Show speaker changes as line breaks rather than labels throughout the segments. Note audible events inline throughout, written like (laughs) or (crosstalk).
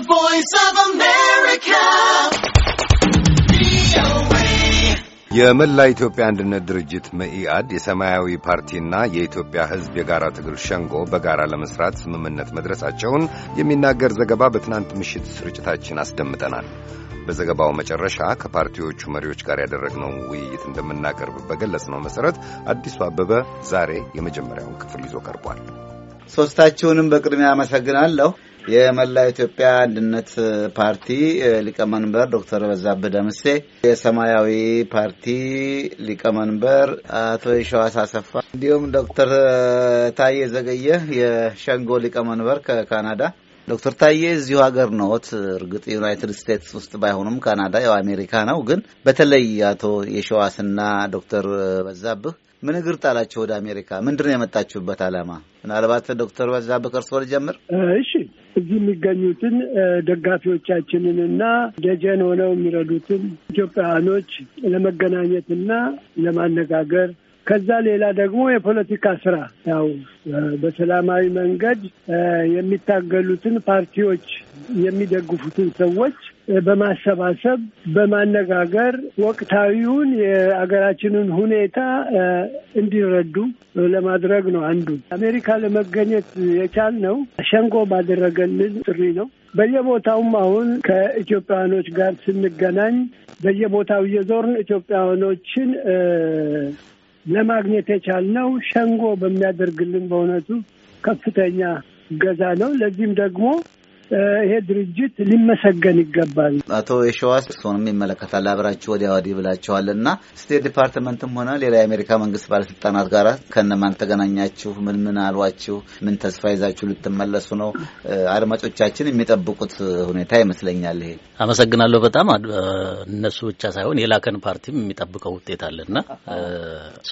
The Voice of America.
የመላ ኢትዮጵያ አንድነት ድርጅት መኢአድ የሰማያዊ ፓርቲና የኢትዮጵያ ሕዝብ የጋራ ትግል ሸንጎ በጋራ ለመስራት ስምምነት መድረሳቸውን የሚናገር ዘገባ በትናንት ምሽት ስርጭታችን አስደምጠናል። በዘገባው መጨረሻ ከፓርቲዎቹ መሪዎች ጋር ያደረግነው ውይይት እንደምናቀርብ በገለጽነው መሠረት አዲሱ አበበ ዛሬ የመጀመሪያውን
ክፍል ይዞ ቀርቧል። ሦስታችሁንም በቅድሚያ አመሰግናለሁ። የመላ ኢትዮጵያ አንድነት ፓርቲ ሊቀመንበር ዶክተር በዛብህ ደምሴ፣ የሰማያዊ ፓርቲ ሊቀመንበር አቶ የሸዋስ አሰፋ እንዲሁም ዶክተር ታዬ ዘገየ የሸንጎ ሊቀመንበር ከካናዳ ዶክተር ታዬ እዚሁ ሀገር ነዎት። እርግጥ ዩናይትድ ስቴትስ ውስጥ ባይሆኑም ካናዳ ያው አሜሪካ ነው። ግን በተለይ አቶ የሸዋስና ዶክተር በዛብህ ምን እግር ጣላችሁ ወደ አሜሪካ? ምንድን ነው የመጣችሁበት አላማ ምናልባት ዶክተር በዛብህ ከእርስዎ ልጀምር።
እሺ፣ እዚህ የሚገኙትን ደጋፊዎቻችንን እና ደጀን ሆነው የሚረዱትን ኢትዮጵያውያኖች ለመገናኘትና ለማነጋገር ከዛ ሌላ ደግሞ የፖለቲካ ስራ ያው በሰላማዊ መንገድ የሚታገሉትን ፓርቲዎች የሚደግፉትን ሰዎች በማሰባሰብ በማነጋገር ወቅታዊውን የሀገራችንን ሁኔታ እንዲረዱ ለማድረግ ነው። አንዱ አሜሪካ ለመገኘት የቻልነው ሸንጎ ባደረገልን ጥሪ ነው። በየቦታውም አሁን ከኢትዮጵያውያኖች ጋር ስንገናኝ በየቦታው እየዞርን ኢትዮጵያውያኖችን ለማግኘት የቻልነው ሸንጎ በሚያደርግልን በእውነቱ ከፍተኛ እገዛ ነው። ለዚህም ደግሞ ይሄ ድርጅት ሊመሰገን ይገባል።
አቶ የሸዋስ እርስዎንም ይመለከታል። አብራችሁ ወዲያ ወዲህ ብላችኋል እና ስቴት ዲፓርትመንትም ሆነ ሌላ የአሜሪካ መንግስት ባለስልጣናት ጋር ከነማን ተገናኛችሁ? ምን ምን አሏችሁ? ምን ተስፋ ይዛችሁ ልትመለሱ ነው? አድማጮቻችን የሚጠብቁት ሁኔታ ይመስለኛል። ይሄ
አመሰግናለሁ በጣም እነሱ ብቻ ሳይሆን የላከን ፓርቲም የሚጠብቀው ውጤት አለና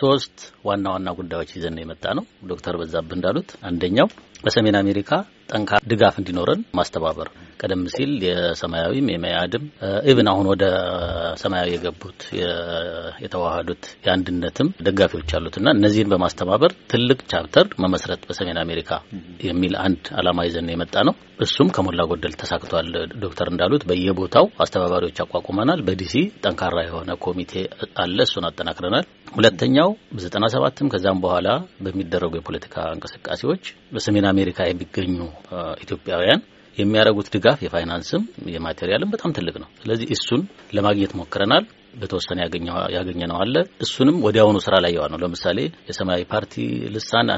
ሶስት ዋና ዋና ጉዳዮች ይዘን የመጣ ነው ዶክተር በዛብህ እንዳሉት አንደኛው በሰሜን አሜሪካ ጠንካራ ድጋፍ እንዲኖረን ማስተባበር ቀደም ሲል የሰማያዊም የመያድም ኢብን አሁን ወደ ሰማያዊ የገቡት የተዋሃዱት የአንድነትም ደጋፊዎች አሉት እና እነዚህን በማስተባበር ትልቅ ቻፕተር መመስረት በሰሜን አሜሪካ የሚል አንድ አላማ ይዘን የመጣ ነው። እሱም ከሞላ ጎደል ተሳክቷል። ዶክተር እንዳሉት በየቦታው አስተባባሪዎች አቋቁመናል። በዲሲ ጠንካራ የሆነ ኮሚቴ አለ። እሱን አጠናክረናል። ሁለተኛው በዘጠና ሰባትም ከዛም በኋላ በሚደረጉ የፖለቲካ እንቅስቃሴዎች በሰሜን አሜሪካ የሚገኙ ኢትዮጵያውያን የሚያደርጉት ድጋፍ የፋይናንስም የማቴሪያልም በጣም ትልቅ ነው። ስለዚህ እሱን ለማግኘት ሞክረናል። በተወሰነ ያገኘ ነው አለ። እሱንም ወዲያውኑ ስራ ላይ የዋል ነው። ለምሳሌ የሰማያዊ ፓርቲ ልሳን፣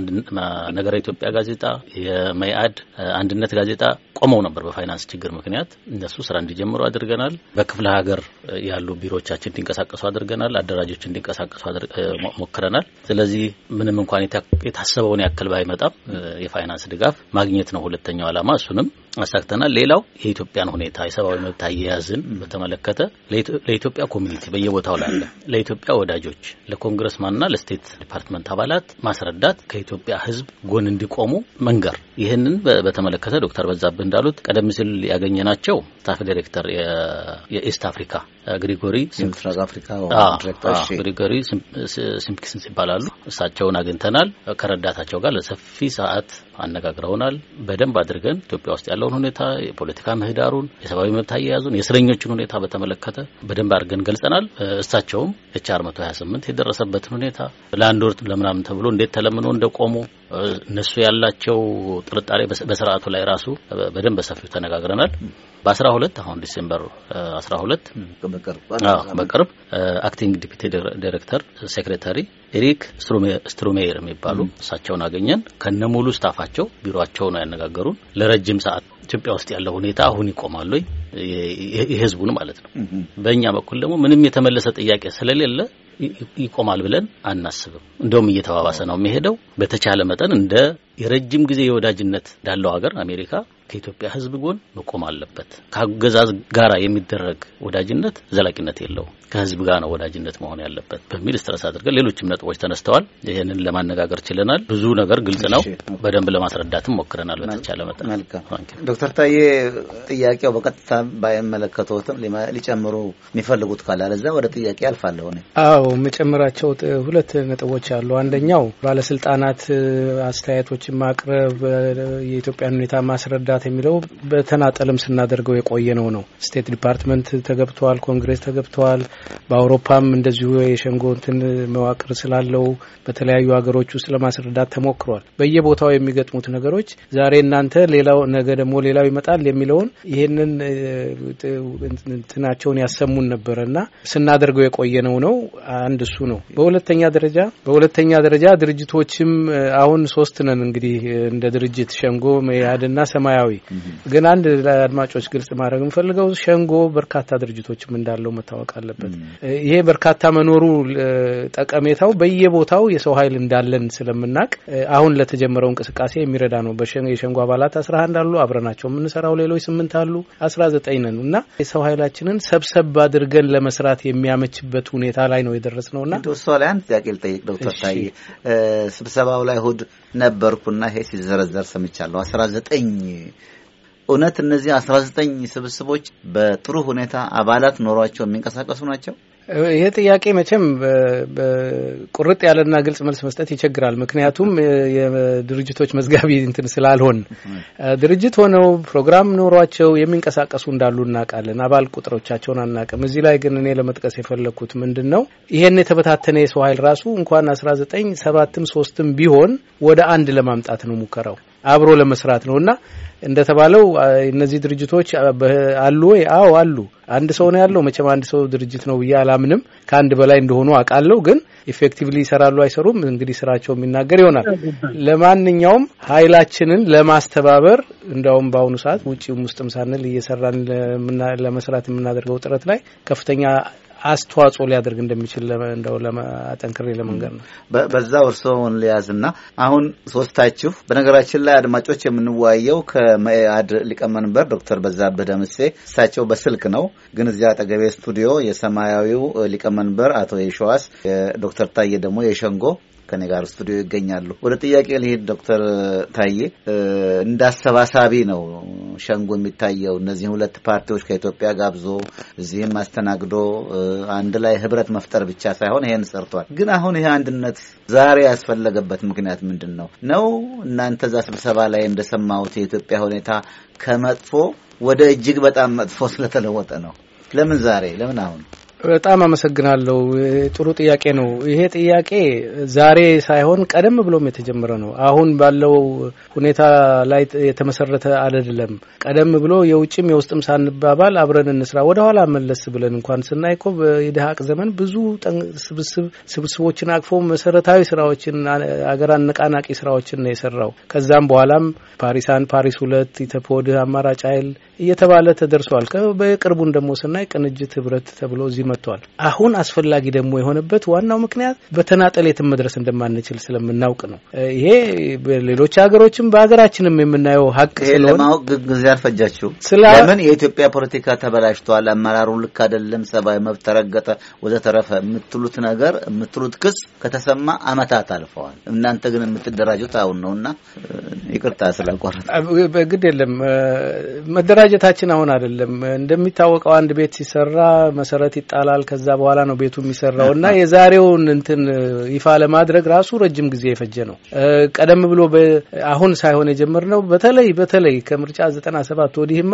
ነገረ ኢትዮጵያ ጋዜጣ፣ የመኢአድ አንድነት ጋዜጣ ቆመው ነበር በፋይናንስ ችግር ምክንያት። እነሱ ስራ እንዲጀምሩ አድርገናል። በክፍለ ሀገር ያሉ ቢሮዎቻችን እንዲንቀሳቀሱ አድርገናል። አደራጆች እንዲንቀሳቀሱ ሞክረናል። ስለዚህ ምንም እንኳን የታሰበውን ያክል ባይመጣም የፋይናንስ ድጋፍ ማግኘት ነው ሁለተኛው ዓላማ። እሱንም አሳክተናል። ሌላው የኢትዮጵያን ሁኔታ የሰብአዊ መብት አያያዝን በተመለከተ ለኢትዮጵያ ኮሚኒቲ በየቦታው ላለ ለኢትዮጵያ ወዳጆች፣ ለኮንግረስማንና ለስቴት ዲፓርትመንት አባላት ማስረዳት፣ ከኢትዮጵያ ሕዝብ ጎን እንዲቆሙ መንገር። ይህንን በተመለከተ ዶክተር በዛብህ እንዳሉት ቀደም ሲል ያገኘናቸው ስታፍ ዲሬክተር የኢስት አፍሪካ ግሪጎሪ ምስራቅ አፍሪካ ግሪጎሪ ሲምፕኪንስ ይባላሉ። እሳቸውን አግኝተናል። ከረዳታቸው ጋር ለሰፊ ሰዓት አነጋግረውናል። በደንብ አድርገን ኢትዮጵያ ውስጥ ያለውን ሁኔታ፣ የፖለቲካ ምህዳሩን፣ የሰብአዊ መብት አያያዙን፣ የእስረኞችን ሁኔታ በተመለከተ በደንብ አድርገን ገልጸናል። እሳቸውም ሀያ ስምንት የደረሰበትን ሁኔታ ለአንድ ወር ለምናምን ተብሎ እንዴት ተለምኖ እንደቆሙ እነሱ ያላቸው ጥርጣሬ በስርዓቱ ላይ ራሱ በደንብ በሰፊው ተነጋግረናል። በአስራ ሁለት አሁን ዲሴምበር አስራ ሁለት በቅርብ አክቲንግ ዲፒቲ ዳይሬክተር ሴክሬታሪ ኤሪክ ስትሩሜየር የሚባሉ እሳቸውን አገኘን። ከነሙሉ ስታፋቸው ቢሮቸው ነው ያነጋገሩን ለረጅም ሰዓት ኢትዮጵያ ውስጥ ያለው ሁኔታ አሁን ይቆማሉ የህዝቡን ማለት ነው። በእኛ በኩል ደግሞ ምንም የተመለሰ ጥያቄ ስለሌለ ይቆማል ብለን አናስብም። እንደውም እየተባባሰ ነው የሚሄደው። በተቻለ መጠን እንደ የረጅም ጊዜ የወዳጅነት ዳለው ሀገር አሜሪካ ከኢትዮጵያ ሕዝብ ጎን መቆም አለበት። ከአገዛዝ ጋራ የሚደረግ ወዳጅነት ዘላቂነት የለው ከሕዝብ ጋር ነው ወዳጅነት መሆን ያለበት በሚል ስትረስ አድርገን ሌሎችም ነጥቦች ተነስተዋል። ይህንን ለማነጋገር ችለናል። ብዙ ነገር ግልጽ ነው። በደንብ ለማስረዳትም ሞክረናል በተቻለ መጠን።
ዶክተር ታዬ ጥያቄው በቀጥታ ባይመለከተውትም ሊጨምሩ የሚፈልጉት ካለ አለዚያ ወደ ጥያቄ አልፋለሁ።
አዎ መጨመራቸው ሁለት ነጥቦች አሉ። አንደኛው ባለስልጣናት አስተያየቶች ጥያቄዎችን ማቅረብ፣ የኢትዮጵያን ሁኔታ ማስረዳት የሚለው በተናጠልም ስናደርገው የቆየ ነው ነው ስቴት ዲፓርትመንት ተገብተዋል፣ ኮንግሬስ ተገብተዋል። በአውሮፓም እንደዚሁ የሸንጎ እንትን መዋቅር ስላለው በተለያዩ ሀገሮች ውስጥ ለማስረዳት ተሞክሯል። በየቦታው የሚገጥሙት ነገሮች ዛሬ እናንተ ሌላው ነገ ደግሞ ሌላው ይመጣል የሚለውን ይህንን እንትናቸውን ያሰሙን ነበረ እና ስናደርገው የቆየነው ነው። አንድ እሱ ነው። በሁለተኛ ደረጃ በሁለተኛ ደረጃ ድርጅቶችም አሁን ሶስት ነን እንግዲህ እንደ ድርጅት ሸንጎ፣ መያድና ሰማያዊ። ግን አንድ ለአድማጮች ግልጽ ማድረግ የምፈልገው ሸንጎ በርካታ ድርጅቶችም እንዳለው መታወቅ አለበት። ይሄ በርካታ መኖሩ ጠቀሜታው በየቦታው የሰው ኃይል እንዳለን ስለምናቅ አሁን ለተጀመረው እንቅስቃሴ የሚረዳ ነው። የሸንጎ አባላት አስራ አንድ አሉ አብረናቸው የምንሰራው ሌሎች ስምንት አሉ አስራ ዘጠኝ ነን እና የሰው ኃይላችንን ሰብሰብ አድርገን ለመስራት የሚያመችበት ሁኔታ
ላይ ነው የደረስ ነው እና ላይ አንድ ጥያቄ ልጠይቅ ዶክተር ታዬ ስብሰባው ላይ እሁድ ነበርኩ ነበርኩና ይሄ ሲዘረዘር ሰምቻለሁ። አስራ ዘጠኝ እውነት እነዚህ አስራ ዘጠኝ ስብስቦች በጥሩ ሁኔታ አባላት ኖሯቸው የሚንቀሳቀሱ ናቸው?
ይሄ ጥያቄ መቼም ቁርጥ ያለና ግልጽ መልስ መስጠት ይቸግራል። ምክንያቱም የድርጅቶች መዝጋቢ እንትን ስላልሆን ድርጅት ሆነው ፕሮግራም ኖሯቸው የሚንቀሳቀሱ እንዳሉ እናውቃለን። አባል ቁጥሮቻቸውን አናውቅም። እዚህ ላይ ግን እኔ ለመጥቀስ የፈለግኩት ምንድን ነው ይሄን የተበታተነ የሰው ኃይል ራሱ እንኳን አስራ ዘጠኝ ሰባትም ሶስትም ቢሆን ወደ አንድ ለማምጣት ነው ሙከራው። አብሮ ለመስራት ነው እና እንደተባለው እነዚህ ድርጅቶች አሉ ወይ? አዎ አሉ። አንድ ሰው ነው ያለው። መቼም አንድ ሰው ድርጅት ነው ብዬ አላምንም። ከአንድ በላይ እንደሆኑ አውቃለሁ። ግን ኢፌክቲቭሊ ይሰራሉ አይሰሩም፣ እንግዲህ ስራቸው የሚናገር ይሆናል። ለማንኛውም ኃይላችንን ለማስተባበር እንዲያውም በአሁኑ ሰዓት ውጭም ውስጥም ሳንል እየሰራን ለመስራት የምናደርገው ጥረት ላይ ከፍተኛ አስተዋጽኦ ሊያደርግ እንደሚችል
እንደው ለማጠንክሬ ለመንገር ነው። በዛው እርስዎን ሊያዝና አሁን ሶስታችሁ፣ በነገራችን ላይ አድማጮች የምንወያየው ከመኢአድ ሊቀመንበር ዶክተር በዛብህ ደምሴ እሳቸው በስልክ ነው፣ ግን እዚያ አጠገቤ ስቱዲዮ የሰማያዊው ሊቀመንበር አቶ የሸዋስ ዶክተር ታዬ ደግሞ የሸንጎ ከኔ ጋር ስቱዲዮ ይገኛሉ። ወደ ጥያቄ ልሄድ ዶክተር ታዬ እንደ አሰባሳቢ ነው ሸንጎ የሚታየው እነዚህን ሁለት ፓርቲዎች ከኢትዮጵያ ጋብዞ እዚህም አስተናግዶ አንድ ላይ ህብረት መፍጠር ብቻ ሳይሆን ይሄን ሰርቷል። ግን አሁን ይሄ አንድነት ዛሬ ያስፈለገበት ምክንያት ምንድን ነው ነው እናንተ እዛ ስብሰባ ላይ እንደሰማሁት የኢትዮጵያ ሁኔታ ከመጥፎ ወደ እጅግ በጣም መጥፎ ስለተለወጠ ነው። ለምን ዛሬ ለምን አሁን
በጣም አመሰግናለሁ። ጥሩ ጥያቄ ነው። ይሄ ጥያቄ ዛሬ ሳይሆን ቀደም ብሎም የተጀመረ ነው። አሁን ባለው ሁኔታ ላይ የተመሰረተ አይደለም። ቀደም ብሎ የውጭም የውስጥም ሳንባባል አብረን እንስራ፣ ወደ ኋላ መለስ ብለን እንኳን ስናይ እኮ ዘመን ብዙ ስብስብ ስብስቦችን አቅፎ መሰረታዊ ስራዎችን አገር አነቃናቂ ስራዎችን ነው የሰራው። ከዛም በኋላም ፓሪስ አንድ፣ ፓሪስ ሁለት፣ ኢተፖድህ፣ አማራጭ ኃይል እየተባለ ተደርሷል። በቅርቡን ደግሞ ስናይ ቅንጅት ህብረት ተብሎ እዚህ ወደዚህ መጥተዋል። አሁን አስፈላጊ ደግሞ የሆነበት ዋናው ምክንያት በተናጠል የትም መድረስ እንደማንችል ስለምናውቅ ነው። ይሄ ሌሎች ሀገሮችም በሀገራችንም የምናየው ሀቅ ለማወቅ
ጊዜ አልፈጃችሁ። ለምን የኢትዮጵያ ፖለቲካ ተበላሽቷል፣ አመራሩ ልክ አይደለም፣ ሰብአዊ መብት ተረገጠ፣ ወዘተረፈ የምትሉት ነገር የምትሉት ክስ ከተሰማ አመታት አልፈዋል። እናንተ ግን የምትደራጁት አሁን ነው እና ይቅርታ ስላቋረጥ
ግድ የለም። መደራጀታችን አሁን አይደለም እንደሚታወቀው አንድ ቤት ሲሰራ መሰረት ይጣ ይጣላል። ከዛ በኋላ ነው ቤቱ የሚሰራው እና የዛሬውን እንትን ይፋ ለማድረግ ራሱ ረጅም ጊዜ የፈጀ ነው። ቀደም ብሎ አሁን ሳይሆን የጀመርነው በተለይ በተለይ ከምርጫ ዘጠና ሰባት ወዲህማ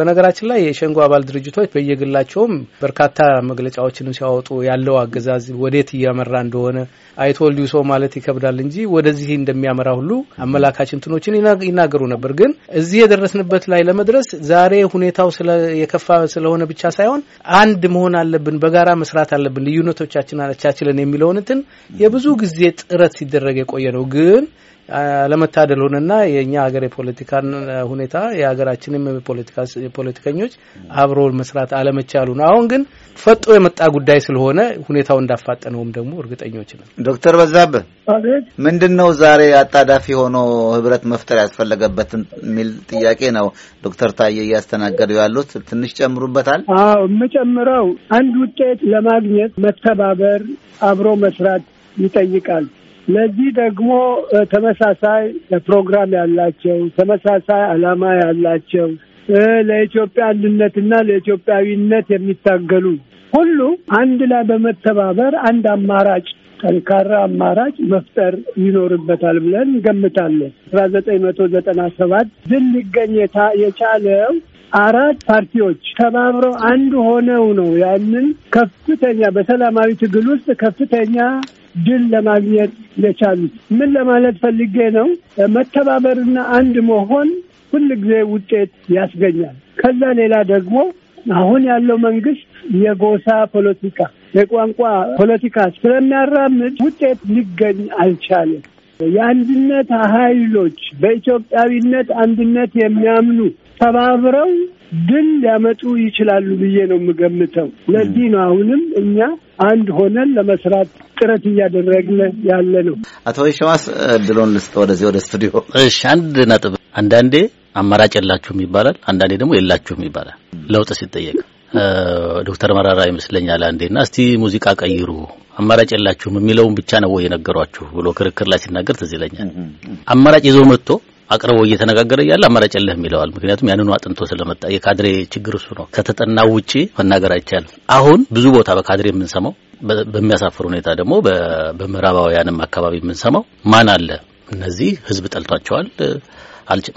በነገራችን ላይ የሸንጎ አባል ድርጅቶች በየግላቸውም በርካታ መግለጫዎችን ሲያወጡ ያለው አገዛዝ ወዴት እያመራ እንደሆነ አይቶልድ ዩ ማለት ይከብዳል እንጂ ወደዚህ እንደሚያመራ ሁሉ አመላካች እንትኖችን ይናገሩ ነበር። ግን እዚህ የደረስንበት ላይ ለመድረስ ዛሬ ሁኔታው የከፋ ስለሆነ ብቻ ሳይሆን አንድ መሆን አለብን፣ በጋራ መስራት አለብን፣ ልዩነቶቻችን አቻችለን የሚለውን እንትን የብዙ ጊዜ ጥረት ሲደረግ የቆየ ነው ግን አለመታደል ሆነና የእኛ ሀገር የፖለቲካን ሁኔታ የሀገራችንም ፖለቲከኞች አብሮ መስራት አለመቻሉ ነው። አሁን ግን ፈጦ የመጣ ጉዳይ ስለሆነ ሁኔታው እንዳፋጠነውም ደግሞ እርግጠኞች ነው።
ዶክተር በዛብህ ምንድን ነው ዛሬ አጣዳፊ ሆኖ ህብረት መፍጠር ያስፈለገበትን የሚል ጥያቄ ነው ዶክተር ታዬ እያስተናገዱ ያሉት ትንሽ ጨምሩበታል?
አዎ የምጨምረው አንድ ውጤት ለማግኘት መተባበር፣ አብሮ መስራት ይጠይቃል። ለዚህ ደግሞ ተመሳሳይ ፕሮግራም ያላቸው ተመሳሳይ ዓላማ ያላቸው ለኢትዮጵያ አንድነትና ለኢትዮጵያዊነት የሚታገሉ ሁሉ አንድ ላይ በመተባበር አንድ አማራጭ ጠንካራ አማራጭ መፍጠር ይኖርበታል ብለን እንገምታለን። አስራ ዘጠኝ መቶ ዘጠና ሰባት ድል ሊገኝ የቻለው አራት ፓርቲዎች ተባብረው አንድ ሆነው ነው ያንን ከፍተኛ በሰላማዊ ትግል ውስጥ ከፍተኛ ድል ለማግኘት የቻሉት። ምን ለማለት ፈልጌ ነው? መተባበርና አንድ መሆን ሁልጊዜ ውጤት ያስገኛል። ከዛ ሌላ ደግሞ አሁን ያለው መንግስት የጎሳ ፖለቲካ፣ የቋንቋ ፖለቲካ ስለሚያራምድ ውጤት ሊገኝ አልቻለም። የአንድነት ኃይሎች በኢትዮጵያዊነት አንድነት የሚያምኑ ተባብረው ድል ሊያመጡ ይችላሉ ብዬ ነው የምገምተው። ለዚህ ነው አሁንም እኛ አንድ ሆነን ለመስራት ጥረት እያደረግን ያለ ነው።
አቶ ይሸማስ እድሎን ልስጥ
ወደዚህ ወደ ስቱዲዮ። እሺ፣ አንድ ነጥብ። አንዳንዴ አማራጭ የላችሁም ይባላል፣ አንዳንዴ ደግሞ የላችሁም ይባላል። ለውጥ ሲጠየቅ ዶክተር መራራ ይመስለኛል አንዴና እስቲ ሙዚቃ ቀይሩ አማራጭ የላችሁም የሚለውን ብቻ ነው ወይ የነገሯችሁ ብሎ ክርክር ላይ ሲናገር ትዝ ይለኛል። አማራጭ ይዞ መጥቶ አቅርቦ እየተነጋገረ እያለ አማራጭ የለህም ይለዋል። ምክንያቱም ያንኑ አጥንቶ ስለመጣ የካድሬ ችግር እሱ ነው። ከተጠናው ውጪ መናገር አይቻልም። አሁን ብዙ ቦታ በካድሬ የምንሰማው በሚያሳፍር ሁኔታ ደግሞ በምዕራባውያንም አካባቢ የምንሰማው ማን አለ እነዚህ ህዝብ ጠልቷቸዋል፣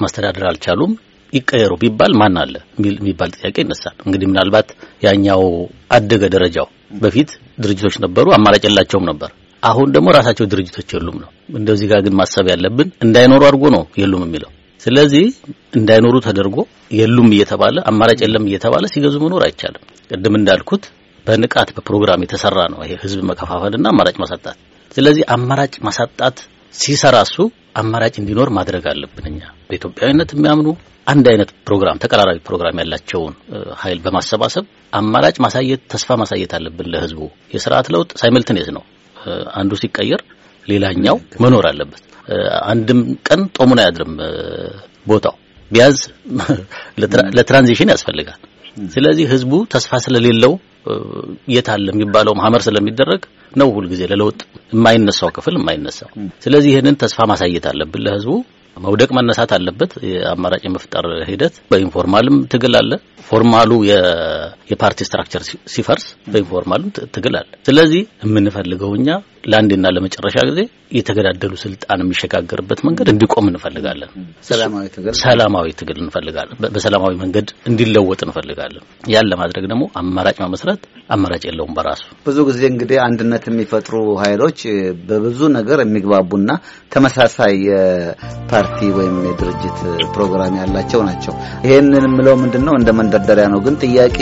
ማስተዳደር አልቻሉም ይቀየሩ ቢባል ማን አለ የሚባል ጥያቄ ይነሳል። እንግዲህ ምናልባት ያኛው አደገ ደረጃው። በፊት ድርጅቶች ነበሩ፣ አማራጭ የላቸውም ነበር። አሁን ደግሞ ራሳቸው ድርጅቶች የሉም ነው። እንደዚህ ጋር ግን ማሰብ ያለብን እንዳይኖሩ አድርጎ ነው የሉም የሚለው። ስለዚህ እንዳይኖሩ ተደርጎ የሉም እየተባለ አማራጭ የለም እየተባለ ሲገዙ መኖር አይቻልም። ቅድም እንዳልኩት በንቃት በፕሮግራም የተሰራ ነው ይሄ ህዝብ መከፋፈልና አማራጭ ማሳጣት። ስለዚህ አማራጭ ማሳጣት ሲሰራሱ አማራጭ እንዲኖር ማድረግ አለብን እኛ በኢትዮጵያዊነት የሚያምኑ አንድ አይነት ፕሮግራም ተቀራራቢ ፕሮግራም ያላቸውን ኃይል በማሰባሰብ አማራጭ ማሳየት ተስፋ ማሳየት አለብን ለህዝቡ። የስርዓት ለውጥ ሳይመልትኔት ነው። አንዱ ሲቀየር ሌላኛው መኖር አለበት። አንድም ቀን ጦሙን አያድርም ቦታው ቢያዝ (laughs) ለትራንዚሽን ያስፈልጋል። ስለዚህ ህዝቡ ተስፋ ስለሌለው አለ የሚባለው ሀመር ስለሚደረግ ነው ሁልጊዜ ለለውጥ የማይነሳው ክፍል የማይነሳው። ስለዚህ ይህንን ተስፋ ማሳየት አለብን ለህዝቡ። መውደቅ መነሳት አለበት። የአማራጭ የመፍጠር ሂደት በኢንፎርማልም ትግል አለ። ፎርማሉ የፓርቲ ስትራክቸር ሲፈርስ በኢንፎርማልም ትግል አለ። ስለዚህ የምንፈልገው እኛ ለአንዴና ለመጨረሻ ጊዜ የተገዳደሉ ስልጣን የሚሸጋገርበት መንገድ እንዲቆም እንፈልጋለን። ሰላማዊ ትግል እንፈልጋለን። በሰላማዊ መንገድ እንዲለወጥ እንፈልጋለን። ያን ለማድረግ ደግሞ አማራጭ መመስረት አማራጭ የለውም በራሱ።
ብዙ ጊዜ እንግዲህ አንድነት የሚፈጥሩ ኃይሎች በብዙ ነገር የሚግባቡና ተመሳሳይ የፓርቲ ወይም የድርጅት ፕሮግራም ያላቸው ናቸው። ይሄንን የምለው ምንድን ነው እንደ መንደርደሪያ ነው። ግን ጥያቄ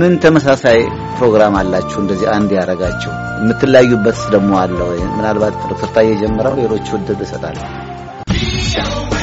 ምን ተመሳሳይ ፕሮግራም አላችሁ እንደዚህ አንድ ያደረጋችሁ? የምትለያዩበትስ ደግሞ አለ ወይ? ምናልባት ፍርፍርታ እየጀመረው ሌሎቹ ዕድል
እሰጣለሁ።